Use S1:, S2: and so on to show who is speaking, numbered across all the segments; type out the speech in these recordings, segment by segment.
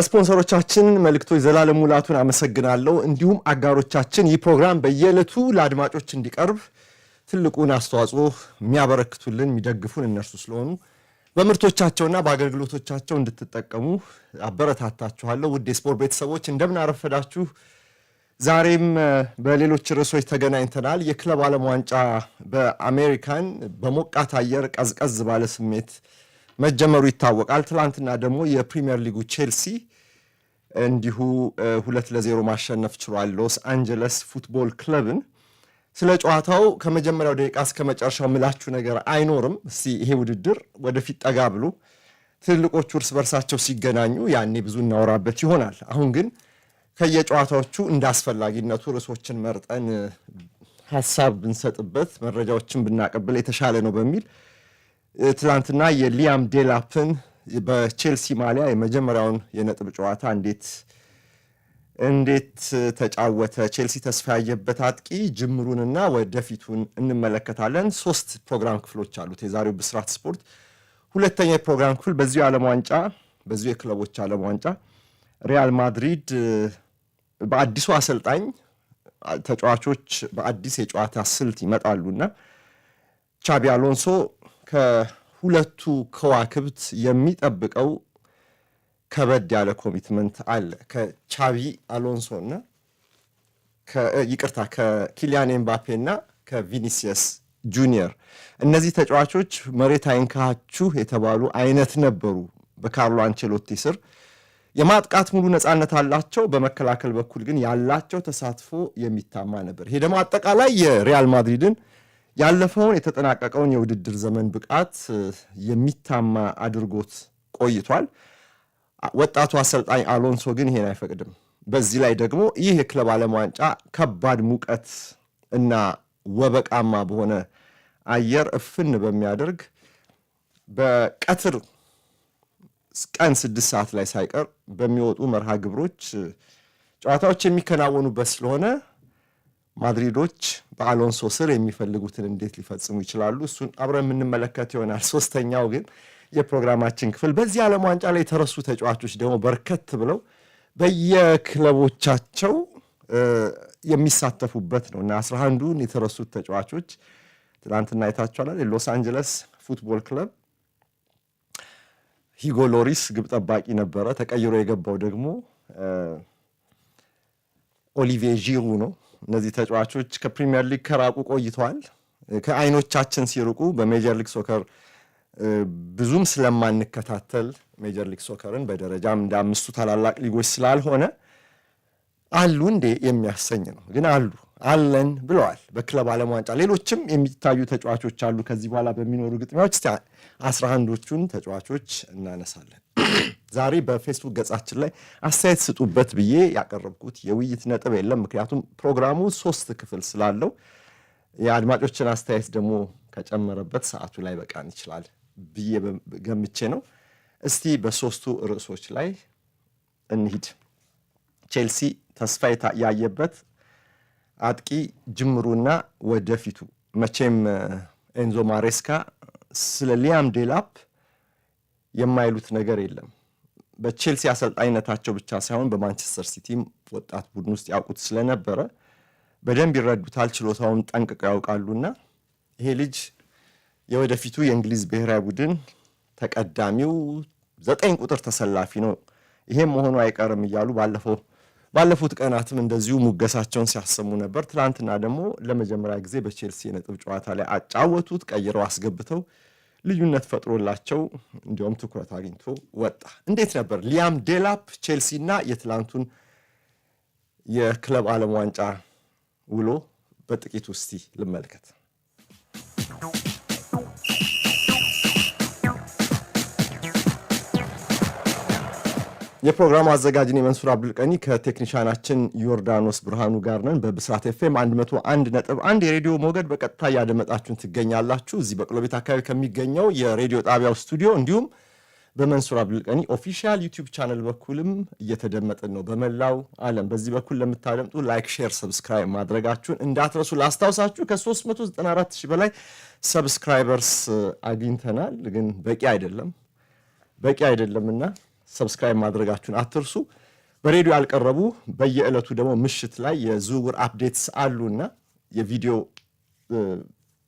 S1: ለስፖንሰሮቻችን መልእክቶች ዘላለም ሙላቱን አመሰግናለሁ። እንዲሁም አጋሮቻችን ይህ ፕሮግራም በየዕለቱ ለአድማጮች እንዲቀርብ ትልቁን አስተዋጽኦ የሚያበረክቱልን የሚደግፉን እነርሱ ስለሆኑ በምርቶቻቸውና በአገልግሎቶቻቸው እንድትጠቀሙ አበረታታችኋለሁ። ውድ የስፖርት ቤተሰቦች እንደምን አረፈዳችሁ። ዛሬም በሌሎች ርዕሶች ተገናኝተናል። የክለብ ዓለም ዋንጫ በአሜሪካን በሞቃት አየር ቀዝቀዝ ባለ ስሜት መጀመሩ ይታወቃል። ትላንትና ደግሞ የፕሪሚየር ሊጉ ቼልሲ እንዲሁ ሁለት ለዜሮ ማሸነፍ ችሏል ሎስ አንጀለስ ፉትቦል ክለብን። ስለ ጨዋታው ከመጀመሪያው ደቂቃ እስከ መጨረሻው ምላችሁ ነገር አይኖርም። እስቲ ይሄ ውድድር ወደፊት ጠጋ ብሎ ትልልቆቹ እርስ በርሳቸው ሲገናኙ ያኔ ብዙ እናወራበት ይሆናል። አሁን ግን ከየጨዋታዎቹ እንደ አስፈላጊነቱ ርዕሶችን መርጠን ሀሳብ ብንሰጥበት መረጃዎችን ብናቀብል የተሻለ ነው በሚል ትላንትና የሊያም ዴላፕን በቼልሲ ማሊያ የመጀመሪያውን የነጥብ ጨዋታ እንዴት እንዴት ተጫወተ? ቼልሲ ተስፋ ያየበት አጥቂ ጅምሩንና ወደፊቱን እንመለከታለን። ሶስት ፕሮግራም ክፍሎች አሉት የዛሬው ብስራት ስፖርት። ሁለተኛ የፕሮግራም ክፍል በዚሁ የዓለም ዋንጫ በዚሁ የክለቦች ዓለም ዋንጫ ሪያል ማድሪድ በአዲሱ አሰልጣኝ ተጫዋቾች በአዲስ የጨዋታ ስልት ይመጣሉና ቻቢ አሎንሶ ሁለቱ ከዋክብት የሚጠብቀው ከበድ ያለ ኮሚትመንት አለ ከቻቪ አሎንሶ እና ይቅርታ ከኪሊያን ኤምባፔ እና ከቪኒሲየስ ጁኒየር እነዚህ ተጫዋቾች መሬት አይንካችሁ የተባሉ አይነት ነበሩ። በካርሎ አንቸሎቲ ስር የማጥቃት ሙሉ ነፃነት አላቸው። በመከላከል በኩል ግን ያላቸው ተሳትፎ የሚታማ ነበር። ይሄ ደግሞ አጠቃላይ የሪያል ማድሪድን ያለፈውን የተጠናቀቀውን የውድድር ዘመን ብቃት የሚታማ አድርጎት ቆይቷል። ወጣቱ አሰልጣኝ አሎንሶ ግን ይሄን አይፈቅድም። በዚህ ላይ ደግሞ ይህ የክለብ ዓለም ዋንጫ ከባድ ሙቀት እና ወበቃማ በሆነ አየር እፍን በሚያደርግ በቀትር ቀን ስድስት ሰዓት ላይ ሳይቀር በሚወጡ መርሃ ግብሮች ጨዋታዎች የሚከናወኑበት ስለሆነ ማድሪዶች በአሎንሶ ስር የሚፈልጉትን እንዴት ሊፈጽሙ ይችላሉ? እሱን አብረን የምንመለከት ይሆናል። ሶስተኛው ግን የፕሮግራማችን ክፍል በዚህ ዓለም ዋንጫ ላይ የተረሱ ተጫዋቾች ደግሞ በርከት ብለው በየክለቦቻቸው የሚሳተፉበት ነው እና አስራ አንዱን የተረሱት ተጫዋቾች ትናንትና አይታችኋል። የሎስ አንጀለስ ፉትቦል ክለብ ሂጎ ሎሪስ ግብ ጠባቂ ነበረ። ተቀይሮ የገባው ደግሞ ኦሊቬ ዢሩ ነው። እነዚህ ተጫዋቾች ከፕሪሚየር ሊግ ከራቁ ቆይተዋል። ከአይኖቻችን ሲርቁ በሜጀር ሊግ ሶከር ብዙም ስለማንከታተል ሜጀር ሊግ ሶከርን በደረጃም እንደ አምስቱ ታላላቅ ሊጎች ስላልሆነ አሉ እንዴ የሚያሰኝ ነው። ግን አሉ አለን ብለዋል። በክለብ ዓለም ዋንጫ ሌሎችም የሚታዩ ተጫዋቾች አሉ። ከዚህ በኋላ በሚኖሩ ግጥሚያዎች እስቲ አስራ አንዶቹን ተጫዋቾች እናነሳለን። ዛሬ በፌስቡክ ገጻችን ላይ አስተያየት ስጡበት ብዬ ያቀረብኩት የውይይት ነጥብ የለም። ምክንያቱም ፕሮግራሙ ሶስት ክፍል ስላለው የአድማጮችን አስተያየት ደግሞ ከጨመረበት ሰዓቱ ላይ በቃን ይችላል ብዬ ገምቼ ነው። እስቲ በሶስቱ ርዕሶች ላይ እንሂድ። ቼልሲ ተስፋ ያየበት አጥቂ ጅምሩና ወደፊቱ መቼም ኤንዞ ማሬስካ ስለ ሊያም ዴላፕ የማይሉት ነገር የለም። በቼልሲ አሰልጣኝነታቸው ብቻ ሳይሆን በማንቸስተር ሲቲ ወጣት ቡድን ውስጥ ያውቁት ስለነበረ በደንብ ይረዱታል። ችሎታውን ጠንቅቀው ያውቃሉና ይሄ ልጅ የወደፊቱ የእንግሊዝ ብሔራዊ ቡድን ተቀዳሚው ዘጠኝ ቁጥር ተሰላፊ ነው፣ ይሄም መሆኑ አይቀርም እያሉ ባለፈው ባለፉት ቀናትም እንደዚሁ ሙገሳቸውን ሲያሰሙ ነበር። ትናንትና ደግሞ ለመጀመሪያ ጊዜ በቼልሲ የነጥብ ጨዋታ ላይ አጫወቱት፣ ቀይረው አስገብተው ልዩነት ፈጥሮላቸው እንዲሁም ትኩረት አግኝቶ ወጣ። እንዴት ነበር ሊያም ዴላፕ ቼልሲና የትላንቱን የክለብ ዓለም ዋንጫ ውሎ በጥቂቱ ውስቲ ልመልከት። የፕሮግራሙ አዘጋጅ እኔ መንሱር አብዱልቀኒ ከቴክኒሻናችን ዮርዳኖስ ብርሃኑ ጋር ነን። በብስራት ኤፍኤም 101 ነጥብ 1 የሬዲዮ ሞገድ በቀጥታ እያደመጣችሁን ትገኛላችሁ። እዚህ በቅሎ ቤት አካባቢ ከሚገኘው የሬዲዮ ጣቢያው ስቱዲዮ እንዲሁም በመንሱር አብዱልቀኒ ኦፊሻል ዩቲዩብ ቻነል በኩልም እየተደመጥን ነው። በመላው ዓለም በዚህ በኩል ለምታደምጡ ላይክ፣ ሼር፣ ሰብስክራይብ ማድረጋችሁን እንዳትረሱ። ላስታውሳችሁ ከ394 ሺህ በላይ ሰብስክራይበርስ አግኝተናል፣ ግን በቂ አይደለም በቂ አይደለምና ሰብስክራይብ ማድረጋችሁን አትርሱ። በሬዲዮ ያልቀረቡ በየዕለቱ ደግሞ ምሽት ላይ የዝውውር አፕዴትስ አሉና የቪዲዮ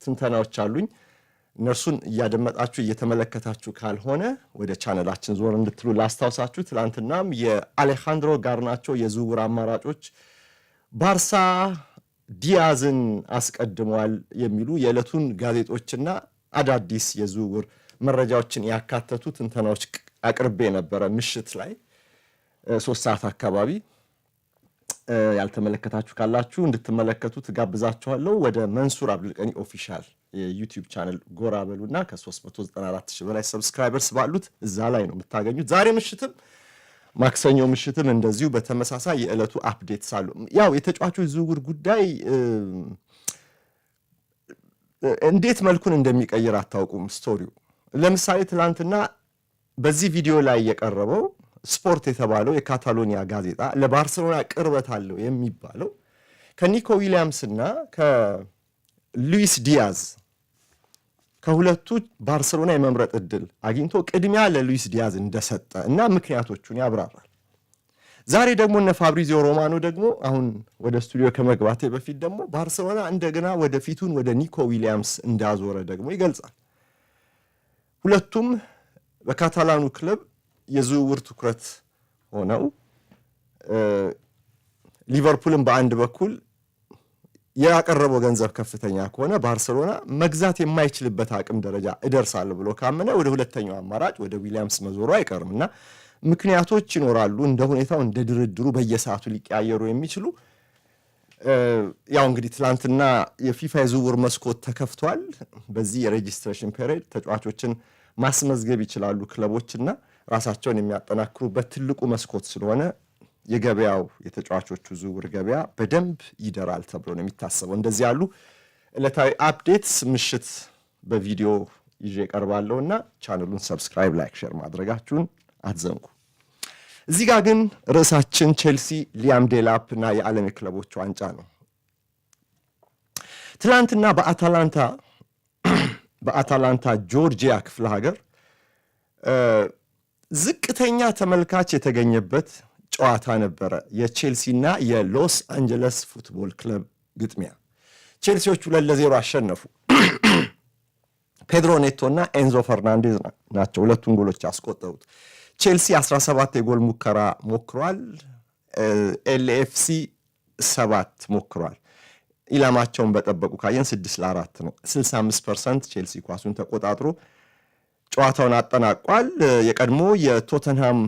S1: ትንተናዎች አሉኝ። እነርሱን እያደመጣችሁ እየተመለከታችሁ ካልሆነ ወደ ቻነላችን ዞር እንድትሉ ላስታውሳችሁ። ትናንትናም የአሌሃንድሮ ጋርናቾ የዝውውር አማራጮች ባርሳ ዲያዝን አስቀድመዋል የሚሉ የዕለቱን ጋዜጦችና አዳዲስ የዝውውር መረጃዎችን ያካተቱ ትንተናዎች አቅርቤ ነበረ ምሽት ላይ ሶስት ሰዓት አካባቢ ያልተመለከታችሁ ካላችሁ እንድትመለከቱት ጋብዛችኋለሁ። ወደ መንሱር አብዱልቀኒ ኦፊሻል የዩቲዩብ ቻነል ጎራ በሉና ከ394 ሺህ በላይ ሰብስክራይበርስ ባሉት እዛ ላይ ነው የምታገኙት። ዛሬ ምሽትም ማክሰኞ ምሽትም እንደዚሁ በተመሳሳይ የዕለቱ አፕዴትስ አሉ። ያው የተጫዋቾች ዝውውር ጉዳይ እንዴት መልኩን እንደሚቀይር አታውቁም። ስቶሪው ለምሳሌ ትናንትና በዚህ ቪዲዮ ላይ የቀረበው ስፖርት የተባለው የካታሎኒያ ጋዜጣ ለባርሴሎና ቅርበት አለው የሚባለው ከኒኮ ዊሊያምስ እና ከሉዊስ ዲያዝ ከሁለቱ ባርሰሎና የመምረጥ እድል አግኝቶ ቅድሚያ ለሉዊስ ዲያዝ እንደሰጠ እና ምክንያቶቹን ያብራራል። ዛሬ ደግሞ እነ ፋብሪዚዮ ሮማኖ ደግሞ አሁን ወደ ስቱዲዮ ከመግባቴ በፊት ደግሞ ባርሰሎና እንደገና ወደፊቱን ወደ ኒኮ ዊሊያምስ እንዳዞረ ደግሞ ይገልጻል። ሁለቱም በካታላኑ ክለብ የዝውውር ትኩረት ሆነው ሊቨርፑልን በአንድ በኩል ያቀረበው ገንዘብ ከፍተኛ ከሆነ ባርሰሎና መግዛት የማይችልበት አቅም ደረጃ እደርሳለሁ ብሎ ካመነ ወደ ሁለተኛው አማራጭ ወደ ዊሊያምስ መዞሩ አይቀርም እና ምክንያቶች ይኖራሉ። እንደ ሁኔታው እንደ ድርድሩ በየሰዓቱ ሊቀያየሩ የሚችሉ ያው እንግዲህ ትላንትና የፊፋ የዝውውር መስኮት ተከፍቷል። በዚህ የሬጂስትሬሽን ፔሪድ ተጫዋቾችን ማስመዝገብ ይችላሉ ክለቦችና ራሳቸውን የሚያጠናክሩበት ትልቁ መስኮት ስለሆነ የገበያው የተጫዋቾቹ ዝውውር ገበያ በደንብ ይደራል ተብሎ ነው የሚታሰበው። እንደዚህ ያሉ ዕለታዊ አፕዴትስ ምሽት በቪዲዮ ይዤ ቀርባለሁ እና ቻነሉን ሰብስክራይብ፣ ላይክ፣ ሼር ማድረጋችሁን አትዘንጉ። እዚህ ጋር ግን ርዕሳችን ቼልሲ ሊያም ዴላፕ እና የዓለም የክለቦች ዋንጫ ነው። ትናንትና በአታላንታ በአታላንታ ጆርጂያ ክፍለ ሀገር ዝቅተኛ ተመልካች የተገኘበት ጨዋታ ነበረ። የቼልሲና የሎስ አንጀለስ ፉትቦል ክለብ ግጥሚያ ቼልሲዎች ሁለት ለዜሮ አሸነፉ። ፔድሮ ኔቶና ኤንዞ ፈርናንዴዝ ናቸው ሁለቱን ጎሎች ያስቆጠሩት። ቼልሲ 17 የጎል ሙከራ ሞክሯል። ኤልኤፍሲ ሰባት ሞክሯል። ኢላማቸውን በጠበቁ ካየን ስድስት 4 ነው። 65 ፐርሰንት ቼልሲ ኳሱን ተቆጣጥሮ ጨዋታውን አጠናቋል። የቀድሞ የቶተንሃም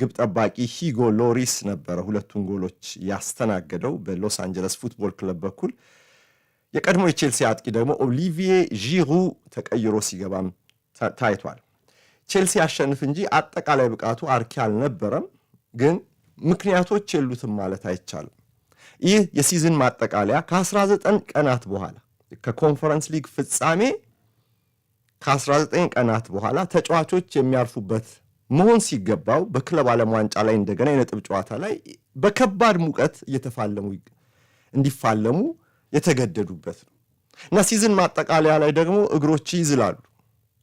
S1: ግብ ጠባቂ ሂጎ ሎሪስ ነበረ ሁለቱን ጎሎች ያስተናገደው በሎስ አንጀለስ ፉትቦል ክለብ በኩል። የቀድሞ የቼልሲ አጥቂ ደግሞ ኦሊቪዬ ዢሩ ተቀይሮ ሲገባም ታይቷል። ቼልሲ ያሸንፍ እንጂ አጠቃላይ ብቃቱ አርኪ አልነበረም፣ ግን ምክንያቶች የሉትም ማለት አይቻልም። ይህ የሲዝን ማጠቃለያ ከ19 ቀናት በኋላ ከኮንፈረንስ ሊግ ፍጻሜ ከ19 ቀናት በኋላ ተጫዋቾች የሚያርፉበት መሆን ሲገባው በክለብ ዓለም ዋንጫ ላይ እንደገና የነጥብ ጨዋታ ላይ በከባድ ሙቀት እየተፋለሙ እንዲፋለሙ የተገደዱበት ነው እና ሲዝን ማጠቃለያ ላይ ደግሞ እግሮች ይዝላሉ።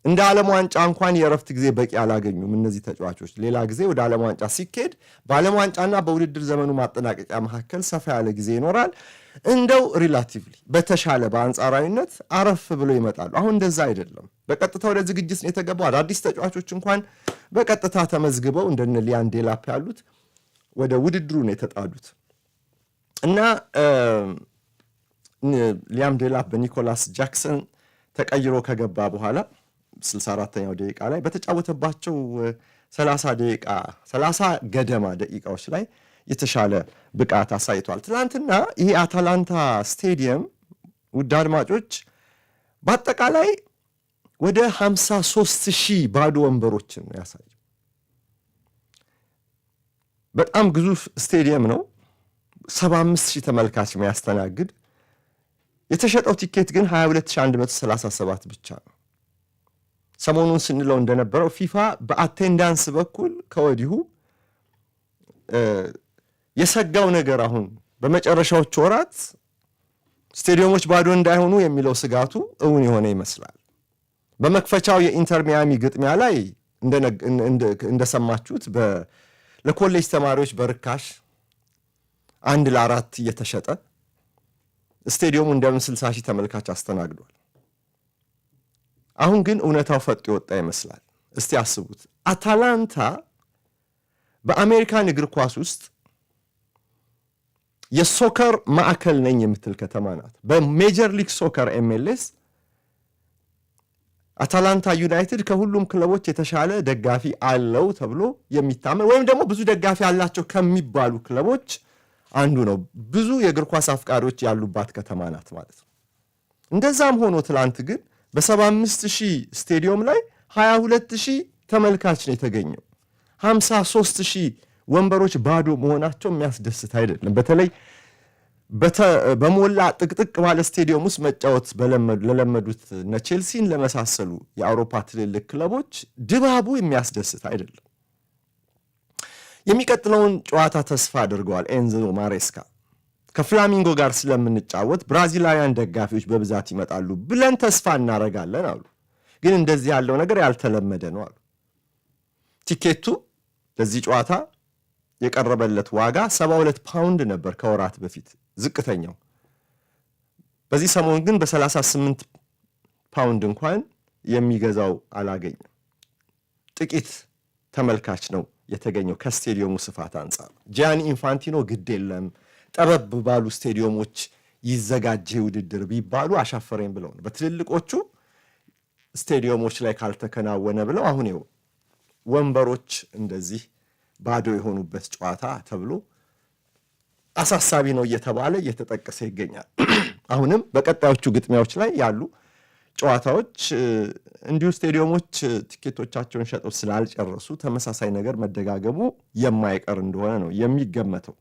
S1: እንደ ዓለም ዋንጫ እንኳን የእረፍት ጊዜ በቂ አላገኙም እነዚህ ተጫዋቾች። ሌላ ጊዜ ወደ ዓለም ዋንጫ ሲካሄድ በዓለም ዋንጫና በውድድር ዘመኑ ማጠናቀቂያ መካከል ሰፋ ያለ ጊዜ ይኖራል። እንደው ሪላቲቭሊ በተሻለ በአንጻራዊነት አረፍ ብሎ ይመጣሉ። አሁን እንደዛ አይደለም። በቀጥታ ወደ ዝግጅት ነው የተገባው። አዳዲስ ተጫዋቾች እንኳን በቀጥታ ተመዝግበው እንደነ ሊያን ዴላፕ ያሉት ወደ ውድድሩ ነው የተጣዱት እና ሊያም ዴላፕ በኒኮላስ ጃክሰን ተቀይሮ ከገባ በኋላ 64ኛው ደቂቃ ላይ በተጫወተባቸው 30 ደቂቃ 30 ገደማ ደቂቃዎች ላይ የተሻለ ብቃት አሳይቷል። ትናንትና ይሄ አታላንታ ስቴዲየም ውድ አድማጮች በአጠቃላይ ወደ 53 ሺህ ባዶ ወንበሮችን ነው ያሳየው። በጣም ግዙፍ ስቴዲየም ነው። 75 ሺህ ተመልካች የሚያስተናግድ የተሸጠው ቲኬት ግን 22137 ብቻ ነው። ሰሞኑን ስንለው እንደነበረው ፊፋ በአቴንዳንስ በኩል ከወዲሁ የሰጋው ነገር አሁን በመጨረሻዎቹ ወራት ስቴዲየሞች ባዶ እንዳይሆኑ የሚለው ስጋቱ እውን የሆነ ይመስላል። በመክፈቻው የኢንተር ሚያሚ ግጥሚያ ላይ እንደሰማችሁት ለኮሌጅ ተማሪዎች በርካሽ አንድ ለአራት እየተሸጠ ስቴዲየሙ እንደምን ስልሳ ሺህ ተመልካች አስተናግዷል። አሁን ግን እውነታው ፈጥ የወጣ ይመስላል። እስቲ አስቡት፣ አታላንታ በአሜሪካን እግር ኳስ ውስጥ የሶከር ማዕከል ነኝ የምትል ከተማ ናት። በሜጀር ሊግ ሶከር ኤምኤልኤስ አታላንታ ዩናይትድ ከሁሉም ክለቦች የተሻለ ደጋፊ አለው ተብሎ የሚታመን ወይም ደግሞ ብዙ ደጋፊ አላቸው ከሚባሉ ክለቦች አንዱ ነው። ብዙ የእግር ኳስ አፍቃሪዎች ያሉባት ከተማ ናት ማለት ነው። እንደዛም ሆኖ ትላንት ግን በ75 ሺህ ስቴዲዮም ላይ 22 ሺህ ተመልካች ነው የተገኘው። 53 ሺህ ወንበሮች ባዶ መሆናቸው የሚያስደስት አይደለም። በተለይ በሞላ ጥቅጥቅ ባለ ስቴዲየም ውስጥ መጫወት ለለመዱት እነ ቼልሲን ለመሳሰሉ የአውሮፓ ትልልቅ ክለቦች ድባቡ የሚያስደስት አይደለም። የሚቀጥለውን ጨዋታ ተስፋ አድርገዋል ኤንዞ ማሬስካ። ከፍላሚንጎ ጋር ስለምንጫወት ብራዚላውያን ደጋፊዎች በብዛት ይመጣሉ ብለን ተስፋ እናደርጋለን አሉ። ግን እንደዚህ ያለው ነገር ያልተለመደ ነው አሉ። ቲኬቱ ለዚህ ጨዋታ የቀረበለት ዋጋ 72 ፓውንድ ነበር ከወራት በፊት ዝቅተኛው። በዚህ ሰሞን ግን በ38 ፓውንድ እንኳን የሚገዛው አላገኘም። ጥቂት ተመልካች ነው የተገኘው ከስቴዲየሙ ስፋት አንጻር። ጂያኒ ኢንፋንቲኖ ግድ የለም ጠበብ ባሉ ስቴዲየሞች ይዘጋጀ ውድድር ቢባሉ አሻፈረኝ ብለው ነው። በትልልቆቹ ስቴዲየሞች ላይ ካልተከናወነ ብለው አሁን ይኸው ወንበሮች እንደዚህ ባዶ የሆኑበት ጨዋታ ተብሎ አሳሳቢ ነው እየተባለ እየተጠቀሰ ይገኛል። አሁንም በቀጣዮቹ ግጥሚያዎች ላይ ያሉ ጨዋታዎች እንዲሁ ስቴዲየሞች ቲኬቶቻቸውን ሸጠው ስላልጨረሱ ተመሳሳይ ነገር መደጋገሙ የማይቀር እንደሆነ ነው የሚገመተው።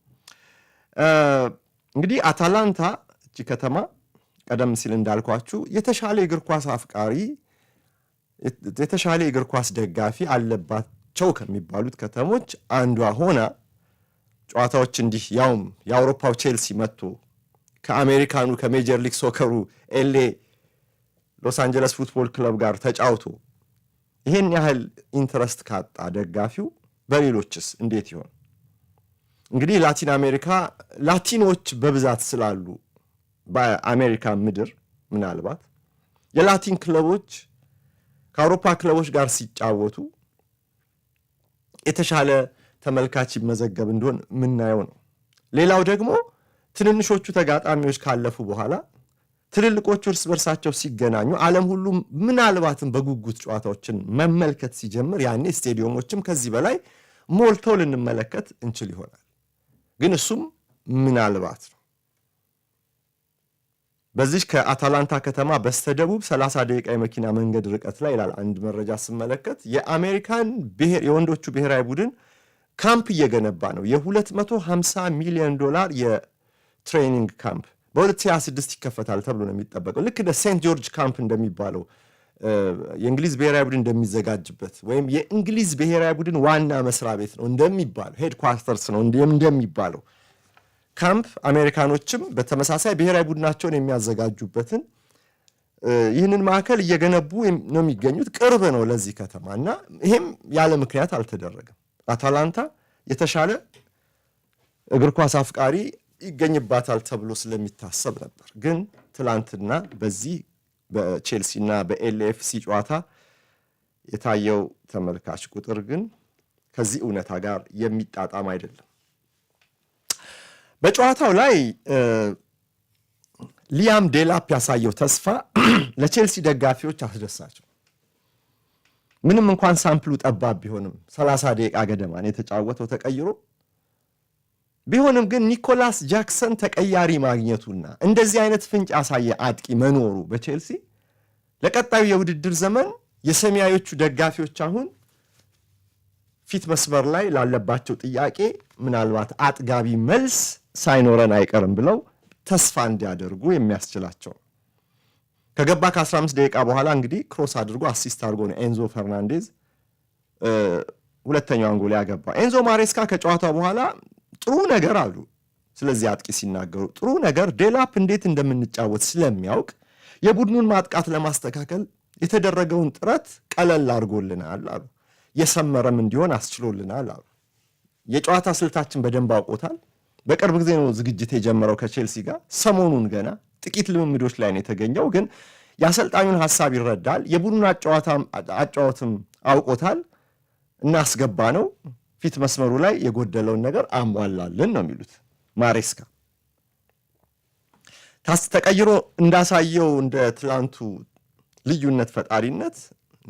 S1: እንግዲህ አታላንታ እቺ ከተማ ቀደም ሲል እንዳልኳችሁ የተሻለ የእግር ኳስ አፍቃሪ የተሻለ የእግር ኳስ ደጋፊ አለባቸው ከሚባሉት ከተሞች አንዷ ሆና ጨዋታዎች እንዲህ ያውም የአውሮፓው ቼልሲ መጥቶ ከአሜሪካኑ ከሜጀር ሊግ ሶከሩ ኤሌ ሎስ አንጀለስ ፉትቦል ክለብ ጋር ተጫውቶ ይህን ያህል ኢንትረስት ካጣ ደጋፊው በሌሎችስ እንዴት ይሆን? እንግዲህ ላቲን አሜሪካ ላቲኖች በብዛት ስላሉ በአሜሪካ ምድር ምናልባት የላቲን ክለቦች ከአውሮፓ ክለቦች ጋር ሲጫወቱ የተሻለ ተመልካች ይመዘገብ እንደሆን የምናየው ነው። ሌላው ደግሞ ትንንሾቹ ተጋጣሚዎች ካለፉ በኋላ ትልልቆቹ እርስ በርሳቸው ሲገናኙ ዓለም ሁሉ ምናልባትም በጉጉት ጨዋታዎችን መመልከት ሲጀምር ያኔ ስቴዲየሞችም ከዚህ በላይ ሞልተው ልንመለከት እንችል ይሆናል። ግን እሱም ምናልባት ነው። በዚህ ከአታላንታ ከተማ በስተደቡብ 30 ደቂቃ የመኪና መንገድ ርቀት ላይ ይላል አንድ መረጃ ስመለከት የአሜሪካን የወንዶቹ ብሔራዊ ቡድን ካምፕ እየገነባ ነው። የ250 ሚሊዮን ዶላር የትሬኒንግ ካምፕ በ2026 ይከፈታል ተብሎ ነው የሚጠበቀው። ልክ እንደ ሴንት ጆርጅ ካምፕ እንደሚባለው የእንግሊዝ ብሔራዊ ቡድን እንደሚዘጋጅበት ወይም የእንግሊዝ ብሔራዊ ቡድን ዋና መስሪያ ቤት ነው እንደሚባለው ሄድኳርተርስ ነው እንደሚባለው ካምፕ አሜሪካኖችም በተመሳሳይ ብሔራዊ ቡድናቸውን የሚያዘጋጁበትን ይህንን ማዕከል እየገነቡ ነው የሚገኙት። ቅርብ ነው ለዚህ ከተማ እና ይሄም ያለ ምክንያት አልተደረገም። አታላንታ የተሻለ እግር ኳስ አፍቃሪ ይገኝባታል ተብሎ ስለሚታሰብ ነበር። ግን ትላንትና በዚህ እና በኤልኤፍሲ ጨዋታ የታየው ተመልካች ቁጥር ግን ከዚህ እውነታ ጋር የሚጣጣም አይደለም። በጨዋታው ላይ ሊያም ዴላፕ ያሳየው ተስፋ ለቼልሲ ደጋፊዎች አስደሳቸው። ምንም እንኳን ሳምፕሉ ጠባብ ቢሆንም 30 ደቂቃ ገደማ የተጫወተው ተቀይሮ ቢሆንም ግን ኒኮላስ ጃክሰን ተቀያሪ ማግኘቱና እንደዚህ አይነት ፍንጭ ያሳየ አጥቂ መኖሩ በቼልሲ ለቀጣዩ የውድድር ዘመን የሰማያዊዎቹ ደጋፊዎች አሁን ፊት መስመር ላይ ላለባቸው ጥያቄ ምናልባት አጥጋቢ መልስ ሳይኖረን አይቀርም ብለው ተስፋ እንዲያደርጉ የሚያስችላቸው ከገባ ከ15 ደቂቃ በኋላ እንግዲህ ክሮስ አድርጎ አሲስት አድርጎ ነው ኤንዞ ፈርናንዴዝ ሁለተኛውን ጎል ያገባ። ኤንዞ ማሬስካ ከጨዋታ በኋላ ጥሩ ነገር አሉ። ስለዚህ አጥቂ ሲናገሩ ጥሩ ነገር ዴላፕ እንዴት እንደምንጫወት ስለሚያውቅ የቡድኑን ማጥቃት ለማስተካከል የተደረገውን ጥረት ቀለል አድርጎልናል አሉ። የሰመረም እንዲሆን አስችሎልናል አሉ። የጨዋታ ስልታችን በደንብ አውቆታል። በቅርብ ጊዜ ነው ዝግጅት የጀመረው ከቼልሲ ጋር። ሰሞኑን ገና ጥቂት ልምምዶች ላይ ነው የተገኘው፣ ግን የአሰልጣኙን ሀሳብ ይረዳል። የቡድኑን አጫወትም አውቆታል። እናስገባ ነው ፊት መስመሩ ላይ የጎደለውን ነገር አሟላልን ነው የሚሉት ማሬስካ። ተቀይሮ እንዳሳየው እንደ ትላንቱ ልዩነት ፈጣሪነት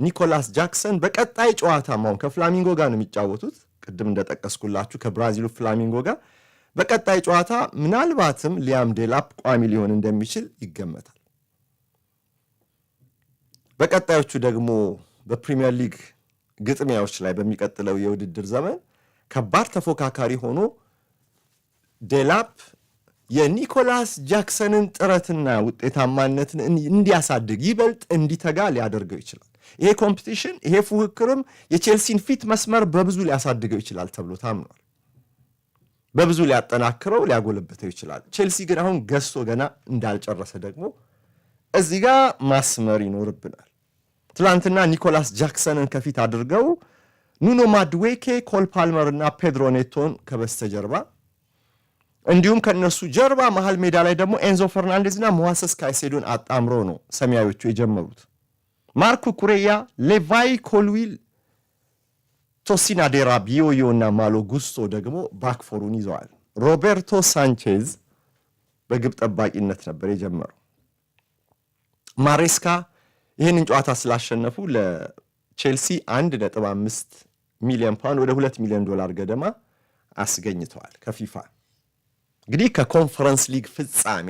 S1: ኒኮላስ ጃክሰን በቀጣይ ጨዋታ ማሁን ከፍላሚንጎ ጋር ነው የሚጫወቱት። ቅድም እንደጠቀስኩላችሁ ከብራዚሉ ፍላሚንጎ ጋር በቀጣይ ጨዋታ ምናልባትም ሊያም ዴላፕ ቋሚ ሊሆን እንደሚችል ይገመታል። በቀጣዮቹ ደግሞ በፕሪሚየር ሊግ ግጥሚያዎች ላይ በሚቀጥለው የውድድር ዘመን ከባድ ተፎካካሪ ሆኖ ዴላፕ የኒኮላስ ጃክሰንን ጥረትና ውጤታማነትን እንዲያሳድግ ይበልጥ እንዲተጋ ሊያደርገው ይችላል። ይሄ ኮምፒቲሽን ይሄ ፉክክርም የቼልሲን ፊት መስመር በብዙ ሊያሳድገው ይችላል ተብሎ ታምኗል። በብዙ ሊያጠናክረው ሊያጎለብተው ይችላል። ቼልሲ ግን አሁን ገዝቶ ገና እንዳልጨረሰ ደግሞ እዚህ ጋር ማስመር ይኖርብናል። ትላንትና ኒኮላስ ጃክሰንን ከፊት አድርገው ኑኖ ማድዌኬ፣ ኮል ፓልመር ፔድሮ ኔቶን ከበስተጀርባ እንዲሁም ከእነሱ ጀርባ መሀል ሜዳ ላይ ደግሞ ኤንዞ ፈርናንዴዝ ና ሞዋሰስ ካይሴዶን አጣምሮ ነው ሰማያዎቹ የጀመሩት። ማርኩ ኩሬያ ሌቫይ ኮልዊል፣ ቶሲና ዴራ ቢዮዮ እና ማሎ ጉስቶ ደግሞ ባክፎሩን ይዘዋል። ሮቤርቶ ሳንቼዝ በግብ ጠባቂነት ነበር የጀመረው። ማሬስካ ይህንን ጨዋታ ስላሸነፉ ለቼልሲ አንድ ነጥብ አምስት ሚሊዮን ፓውንድ ወደ ሁለት ሚሊዮን ዶላር ገደማ አስገኝተዋል ከፊፋ እንግዲህ ከኮንፈረንስ ሊግ ፍጻሜ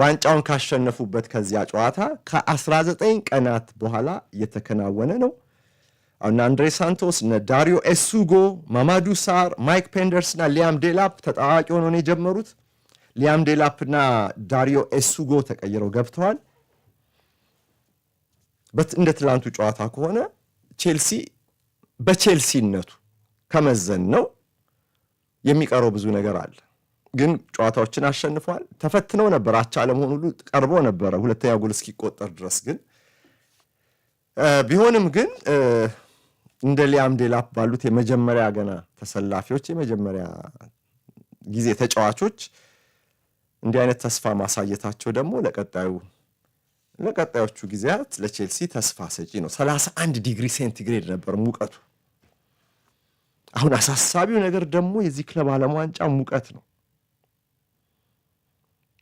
S1: ዋንጫውን ካሸነፉበት ከዚያ ጨዋታ ከ19 ቀናት በኋላ እየተከናወነ ነው። አሁን አንድሬ ሳንቶስ፣ እነ ዳሪዮ ኤሱጎ፣ ማማዱ ሳር፣ ማይክ ፔንደርስ እና ሊያም ዴላፕ ተጣዋቂ ሆነው ነው የጀመሩት። ሊያም ዴላፕ እና ዳሪዮ ኤሱጎ ተቀይረው ገብተዋል። እንደ ትላንቱ ጨዋታ ከሆነ ቼልሲ በቼልሲነቱ ከመዘን ነው የሚቀረው ብዙ ነገር አለ። ግን ጨዋታዎችን አሸንፏል። ተፈትነው ነበር። አቻ ለመሆን ሁሉ ቀርቦ ነበረ ሁለተኛ ጎል እስኪቆጠር ድረስ ግን ቢሆንም ግን እንደ ሊያም ዴላፕ ባሉት የመጀመሪያ ገና ተሰላፊዎች የመጀመሪያ ጊዜ ተጫዋቾች እንዲህ አይነት ተስፋ ማሳየታቸው ደግሞ ለቀጣዩ ለቀጣዮቹ ጊዜያት ለቼልሲ ተስፋ ሰጪ ነው። 31 ዲግሪ ሴንቲግሬድ ነበር ሙቀቱ። አሁን አሳሳቢው ነገር ደግሞ የዚህ ክለብ ዓለም ዋንጫ ሙቀት ነው።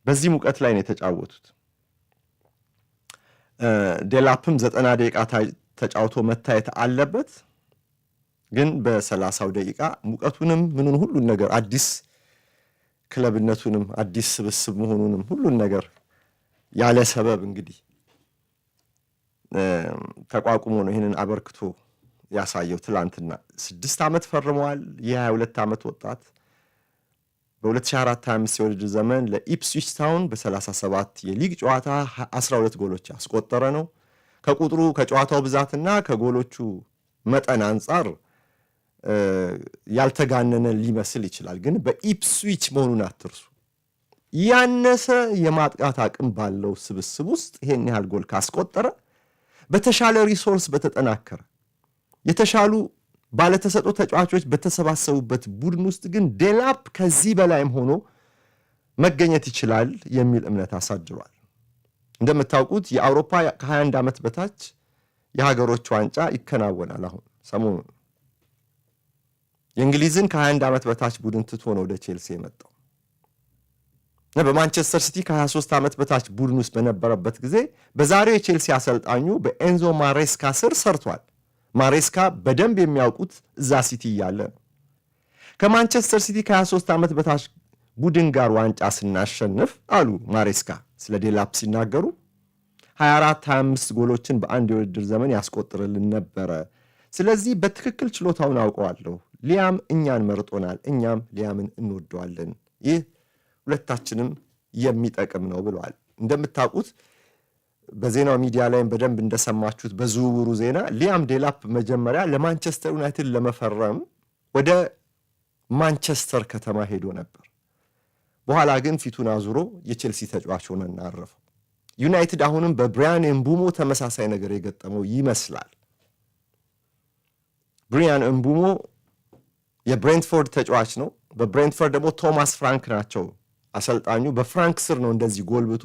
S1: በዚህ ሙቀት ላይ ነው የተጫወቱት። ዴላፕም ዘጠና ደቂቃ ተጫውቶ መታየት አለበት፣ ግን በሰላሳው ደቂቃ ሙቀቱንም ምኑን ሁሉን ነገር አዲስ ክለብነቱንም አዲስ ስብስብ መሆኑንም ሁሉን ነገር ያለ ሰበብ እንግዲህ ተቋቁሞ ነው ይህንን አበርክቶ ያሳየው። ትላንትና ስድስት ዓመት ፈርመዋል። የ22 ዓመት ወጣት በ2024/25 የውድድር ዘመን ለኢፕስዊች ታውን በ37 የሊግ ጨዋታ 12 ጎሎች ያስቆጠረ ነው። ከቁጥሩ ከጨዋታው ብዛትና ከጎሎቹ መጠን አንጻር ያልተጋነነ ሊመስል ይችላል። ግን በኢፕስዊች መሆኑን አትርሱ። ያነሰ የማጥቃት አቅም ባለው ስብስብ ውስጥ ይሄን ያህል ጎል ካስቆጠረ በተሻለ ሪሶርስ በተጠናከረ የተሻሉ ባለተሰጦ ተጫዋቾች በተሰባሰቡበት ቡድን ውስጥ ግን ዴላፕ ከዚህ በላይም ሆኖ መገኘት ይችላል የሚል እምነት አሳድሯል። እንደምታውቁት የአውሮፓ ከ21 ዓመት በታች የሀገሮች ዋንጫ ይከናወናል። አሁን ሰሞኑን የእንግሊዝን ከ21 ዓመት በታች ቡድን ትቶ ነው ወደ ቼልሲ የመጣው። በማንቸስተር ሲቲ ከ23 ዓመት በታች ቡድን ውስጥ በነበረበት ጊዜ በዛሬው የቼልሲ አሰልጣኙ በኤንዞ ማሬስካ ስር ሰርቷል። ማሬስካ በደንብ የሚያውቁት እዛ ሲቲ እያለ ነው። ከማንቸስተር ሲቲ ከ23 ዓመት በታች ቡድን ጋር ዋንጫ ስናሸንፍ አሉ ማሬስካ ስለ ዴላፕ ሲናገሩ 24 25 ጎሎችን በአንድ የውድድር ዘመን ያስቆጥርልን ነበረ። ስለዚህ በትክክል ችሎታውን አውቀዋለሁ። ሊያም እኛን መርጦናል፣ እኛም ሊያምን እንወደዋለን። ይህ ሁለታችንም የሚጠቅም ነው ብለዋል። እንደምታውቁት በዜናው ሚዲያ ላይም በደንብ እንደሰማችሁት በዝውውሩ ዜና ሊያም ዴላፕ መጀመሪያ ለማንቸስተር ዩናይትድ ለመፈረም ወደ ማንቸስተር ከተማ ሄዶ ነበር። በኋላ ግን ፊቱን አዙሮ የቼልሲ ተጫዋች ሆነ እናረፈው። ዩናይትድ አሁንም በብሪያን ኤምቡሞ ተመሳሳይ ነገር የገጠመው ይመስላል። ብሪያን ኤምቡሞ የብሬንትፎርድ ተጫዋች ነው። በብሬንትፎርድ ደግሞ ቶማስ ፍራንክ ናቸው አሰልጣኙ በፍራንክ ስር ነው እንደዚህ ጎልብቶ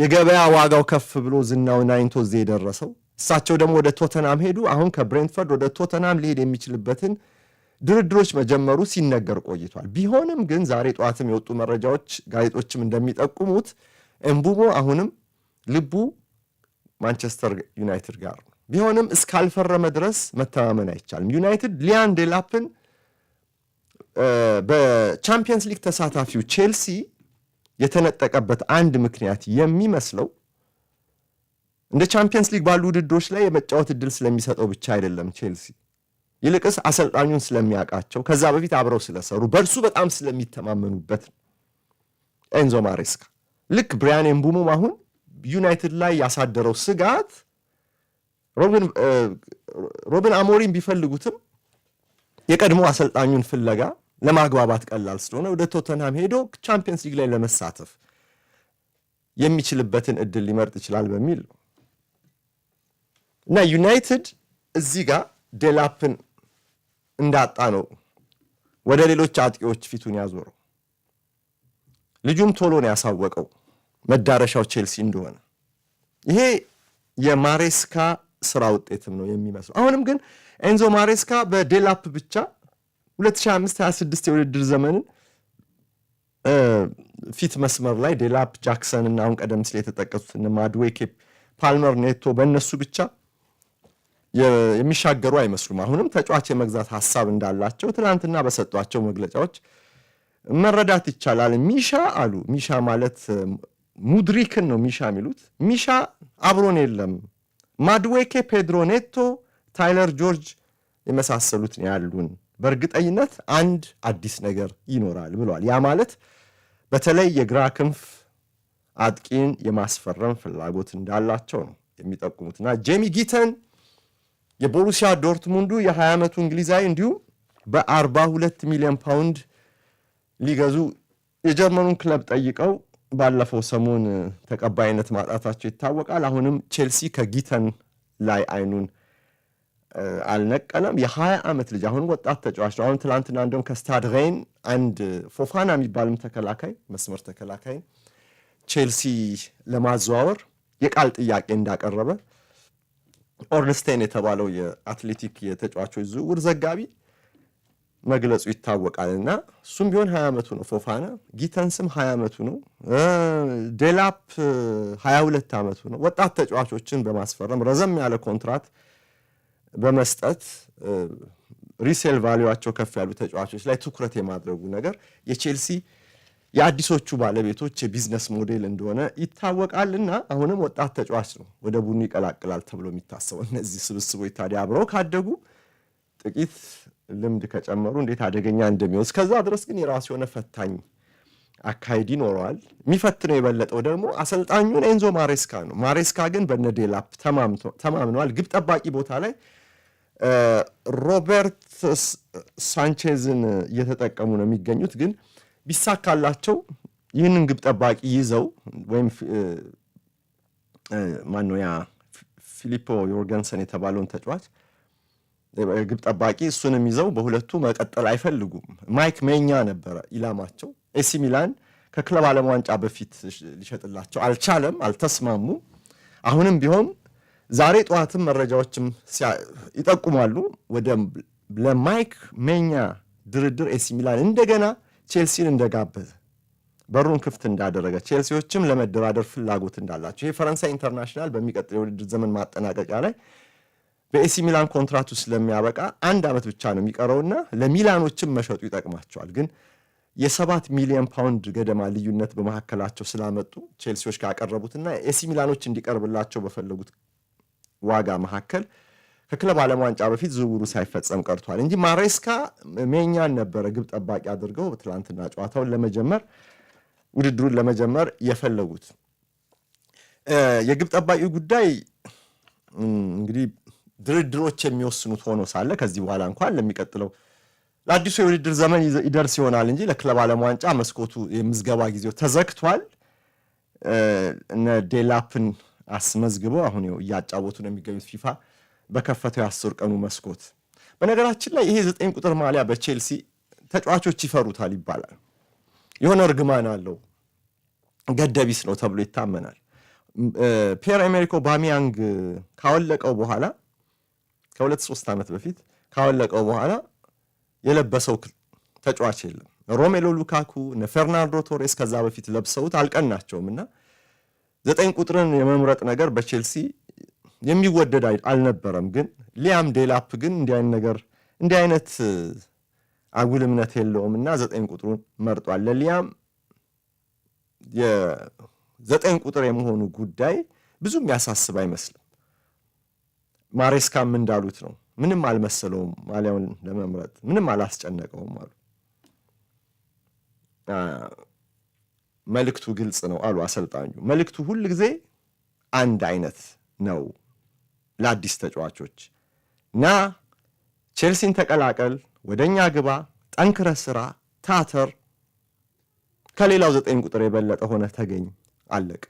S1: የገበያ ዋጋው ከፍ ብሎ ዝናው ናይንቶ እዚህ የደረሰው። እሳቸው ደግሞ ወደ ቶተናም ሄዱ። አሁን ከብሬንትፈርድ ወደ ቶተናም ሊሄድ የሚችልበትን ድርድሮች መጀመሩ ሲነገር ቆይቷል። ቢሆንም ግን ዛሬ ጠዋትም የወጡ መረጃዎች ጋዜጦችም እንደሚጠቁሙት ኤምቡሞ አሁንም ልቡ ማንቸስተር ዩናይትድ ጋር ነው። ቢሆንም እስካልፈረመ ድረስ መተማመን አይቻልም። ዩናይትድ ሊያን ዴላፕን በቻምፒየንስ ሊግ ተሳታፊው ቼልሲ የተነጠቀበት አንድ ምክንያት የሚመስለው እንደ ቻምፒየንስ ሊግ ባሉ ውድድሮች ላይ የመጫወት እድል ስለሚሰጠው ብቻ አይደለም ቼልሲ ይልቅስ አሰልጣኙን ስለሚያውቃቸው ከዛ በፊት አብረው ስለሰሩ በእርሱ በጣም ስለሚተማመኑበት ኤንዞ ማሬስካ ልክ ብሪያን ኤምቡሞም አሁን ዩናይትድ ላይ ያሳደረው ስጋት ሮብን አሞሪን ቢፈልጉትም የቀድሞ አሰልጣኙን ፍለጋ ለማግባባት ቀላል ስለሆነ ወደ ቶተንሃም ሄዶ ቻምፒየንስ ሊግ ላይ ለመሳተፍ የሚችልበትን እድል ሊመርጥ ይችላል በሚል ነው እና ዩናይትድ እዚህ ጋር ዴላፕን እንዳጣ ነው ወደ ሌሎች አጥቂዎች ፊቱን ያዞረው። ልጁም ቶሎ ነው ያሳወቀው መዳረሻው ቼልሲ እንደሆነ። ይሄ የማሬስካ ስራ ውጤትም ነው የሚመስለው። አሁንም ግን ኤንዞ ማሬስካ በዴላፕ ብቻ 2025/26 የውድድር ዘመንን ፊት መስመር ላይ ዴላፕ ጃክሰን እና አሁን ቀደም ሲል የተጠቀሱት ማድዌኬ፣ ፓልመር፣ ኔቶ በእነሱ ብቻ የሚሻገሩ አይመስሉም። አሁንም ተጫዋች የመግዛት ሀሳብ እንዳላቸው ትናንትና በሰጧቸው መግለጫዎች መረዳት ይቻላል። ሚሻ አሉ። ሚሻ ማለት ሙድሪክን ነው ሚሻ የሚሉት። ሚሻ አብሮን የለም። ማድዌኬ፣ ፔድሮ ኔቶ፣ ታይለር ጆርጅ የመሳሰሉት ያሉን በእርግጠኝነት አንድ አዲስ ነገር ይኖራል ብለዋል። ያ ማለት በተለይ የግራ ክንፍ አጥቂን የማስፈረም ፍላጎት እንዳላቸው ነው የሚጠቁሙትና ጄሚ ጊተን የቦሩሲያ ዶርትሙንዱ የ20 ዓመቱ እንግሊዛዊ እንዲሁም በ42 ሚሊዮን ፓውንድ ሊገዙ የጀርመኑን ክለብ ጠይቀው ባለፈው ሰሞን ተቀባይነት ማጣታቸው ይታወቃል። አሁንም ቼልሲ ከጊተን ላይ አይኑን አልነቀነም። የሀያ ዓመት ልጅ አሁን ወጣት ተጫዋች ነው። አሁን ትላንትና እንደውም ከስታድሬን አንድ ፎፋና የሚባልም ተከላካይ መስመር ተከላካይ ቼልሲ ለማዘዋወር የቃል ጥያቄ እንዳቀረበ ኦርንስቴን የተባለው የአትሌቲክ የተጫዋቾች ዝውውር ዘጋቢ መግለጹ ይታወቃል። እና እሱም ቢሆን ሀያ ዓመቱ ነው። ፎፋና ጊተንስም ሀያ ዓመቱ ነው። ዴላፕ ሀያ ሁለት ዓመቱ ነው። ወጣት ተጫዋቾችን በማስፈረም ረዘም ያለ ኮንትራት በመስጠት ሪሴል ቫሊዋቸው ከፍ ያሉ ተጫዋቾች ላይ ትኩረት የማድረጉ ነገር የቼልሲ የአዲሶቹ ባለቤቶች የቢዝነስ ሞዴል እንደሆነ ይታወቃል እና አሁንም ወጣት ተጫዋች ነው ወደ ቡድኑ ይቀላቅላል ተብሎ የሚታሰበው። እነዚህ ስብስቦች ታዲያ አብረው ካደጉ ጥቂት ልምድ ከጨመሩ እንዴት አደገኛ እንደሚሆን እስከዛ ድረስ ግን የራሱ የሆነ ፈታኝ አካሄድ ይኖረዋል። የሚፈትነው የበለጠው ደግሞ አሰልጣኙን ኤንዞ ማሬስካ ነው። ማሬስካ ግን በነዴላፕ ተማምነዋል። ግብ ጠባቂ ቦታ ላይ ሮበርት ሳንቼዝን እየተጠቀሙ ነው የሚገኙት። ግን ቢሳካላቸው ይህንን ግብ ጠባቂ ይዘው ወይም ማነው ያ ፊሊፖ ዮርገንሰን የተባለውን ተጫዋች ግብ ጠባቂ እሱንም ይዘው በሁለቱ መቀጠል አይፈልጉም። ማይክ ሜኛ ነበረ ኢላማቸው። ኤሲ ሚላን ከክለብ ዓለም ዋንጫ በፊት ሊሸጥላቸው አልቻለም፣ አልተስማሙ። አሁንም ቢሆን ዛሬ ጠዋትም መረጃዎችም ይጠቁማሉ። ወደ ለማይክ ሜኛ ድርድር ኤሲ ሚላን እንደገና ቼልሲን እንደጋበዘ በሩን ክፍት እንዳደረገ ቼልሲዎችም ለመደራደር ፍላጎት እንዳላቸው ይሄ ፈረንሳይ ኢንተርናሽናል በሚቀጥለው የውድድር ዘመን ማጠናቀቂያ ላይ በኤሲ ሚላን ኮንትራቱ ስለሚያበቃ አንድ ዓመት ብቻ ነው የሚቀረውና ለሚላኖችም መሸጡ ይጠቅማቸዋል። ግን የሰባት ሚሊዮን ፓውንድ ገደማ ልዩነት በመካከላቸው ስላመጡ ቼልሲዎች ካቀረቡትና ኤሲ ሚላኖች እንዲቀርብላቸው በፈለጉት ዋጋ መካከል ከክለብ ዓለም ዋንጫ በፊት ዝውውሩ ሳይፈጸም ቀርቷል እንጂ ማሬስካ ሜኛን ነበረ ግብ ጠባቂ አድርገው ትላንትና ጨዋታውን ለመጀመር ውድድሩን ለመጀመር የፈለጉት። የግብ ጠባቂው ጉዳይ እንግዲህ ድርድሮች የሚወስኑት ሆኖ ሳለ ከዚህ በኋላ እንኳን ለሚቀጥለው ለአዲሱ የውድድር ዘመን ይደርስ ይሆናል እንጂ ለክለብ ዓለም ዋንጫ መስኮቱ የምዝገባ ጊዜው ተዘግቷል። እነ ዴላፕን አስመዝግበው አሁን እያጫወቱ ነው የሚገኙት ፊፋ በከፈተው የአስር ቀኑ መስኮት። በነገራችን ላይ ይሄ ዘጠኝ ቁጥር ማሊያ በቼልሲ ተጫዋቾች ይፈሩታል ይባላል። የሆነ እርግማን አለው፣ ገደቢስ ነው ተብሎ ይታመናል። ፒየር ኤሜሪክ ኦባሜያንግ ካወለቀው በኋላ ከሁለት ሶስት ዓመት በፊት ካወለቀው በኋላ የለበሰው ተጫዋች የለም። ሮሜሎ ሉካኩ፣ እነ ፌርናንዶ ቶሬስ ከዛ በፊት ለብሰውት አልቀናቸውም እና ዘጠኝ ቁጥርን የመምረጥ ነገር በቼልሲ የሚወደድ አልነበረም። ግን ሊያም ዴላፕ ግን እንዲህ አይነት ነገር እንዲህ አይነት አጉል እምነት የለውም እና ዘጠኝ ቁጥሩን መርጧል። ለሊያም የዘጠኝ ቁጥር የመሆኑ ጉዳይ ብዙም ያሳስብ አይመስልም። ማሬስካም እንዳሉት ነው፣ ምንም አልመሰለውም ማሊያውን ለመምረጥ ምንም አላስጨነቀውም አሉ። መልእክቱ ግልጽ ነው አሉ አሰልጣኙ። መልእክቱ ሁል ጊዜ አንድ አይነት ነው ለአዲስ ተጫዋቾች ና ቼልሲን ተቀላቀል፣ ወደ እኛ ግባ፣ ጠንክረ ስራ፣ ታተር፣ ከሌላው ዘጠኝ ቁጥር የበለጠ ሆነ ተገኝ፣ አለቀ።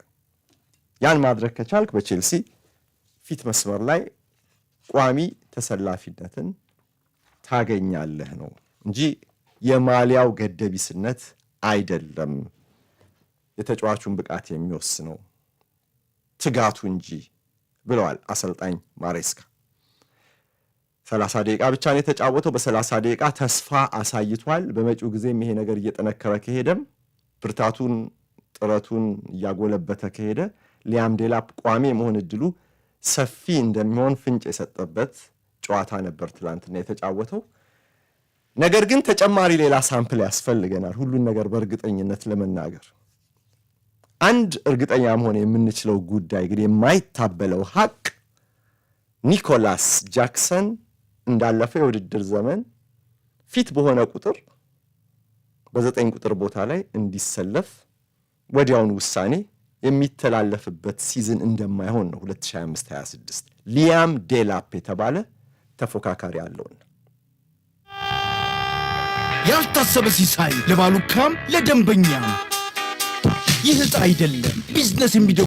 S1: ያን ማድረግ ከቻልክ በቼልሲ ፊት መስመር ላይ ቋሚ ተሰላፊነትን ታገኛለህ ነው እንጂ የማሊያው ገደቢስነት አይደለም። የተጫዋቹን ብቃት የሚወስነው ትጋቱ እንጂ ብለዋል አሰልጣኝ ማሬስካ። ሰላሳ ደቂቃ ብቻ ነው የተጫወተው። በሰላሳ ደቂቃ ተስፋ አሳይቷል። በመጪው ጊዜም ይሄ ነገር እየጠነከረ ከሄደም ብርታቱን፣ ጥረቱን እያጎለበተ ከሄደ ሊያም ዴላፕ ቋሚ የመሆን እድሉ ሰፊ እንደሚሆን ፍንጭ የሰጠበት ጨዋታ ነበር ትላንትና የተጫወተው። ነገር ግን ተጨማሪ ሌላ ሳምፕል ያስፈልገናል ሁሉን ነገር በእርግጠኝነት ለመናገር አንድ እርግጠኛ መሆን የምንችለው ጉዳይ ግን የማይታበለው ሀቅ ኒኮላስ ጃክሰን እንዳለፈው የውድድር ዘመን ፊት በሆነ ቁጥር በዘጠኝ ቁጥር ቦታ ላይ እንዲሰለፍ ወዲያውን ውሳኔ የሚተላለፍበት ሲዝን እንደማይሆን ነው 2526 ሊያም ዴላፕ የተባለ ተፎካካሪ አለውና ያልታሰበ ሲሳይ ለባሉካም ለደንበኛም Yıldız aydelim. Biz nasıl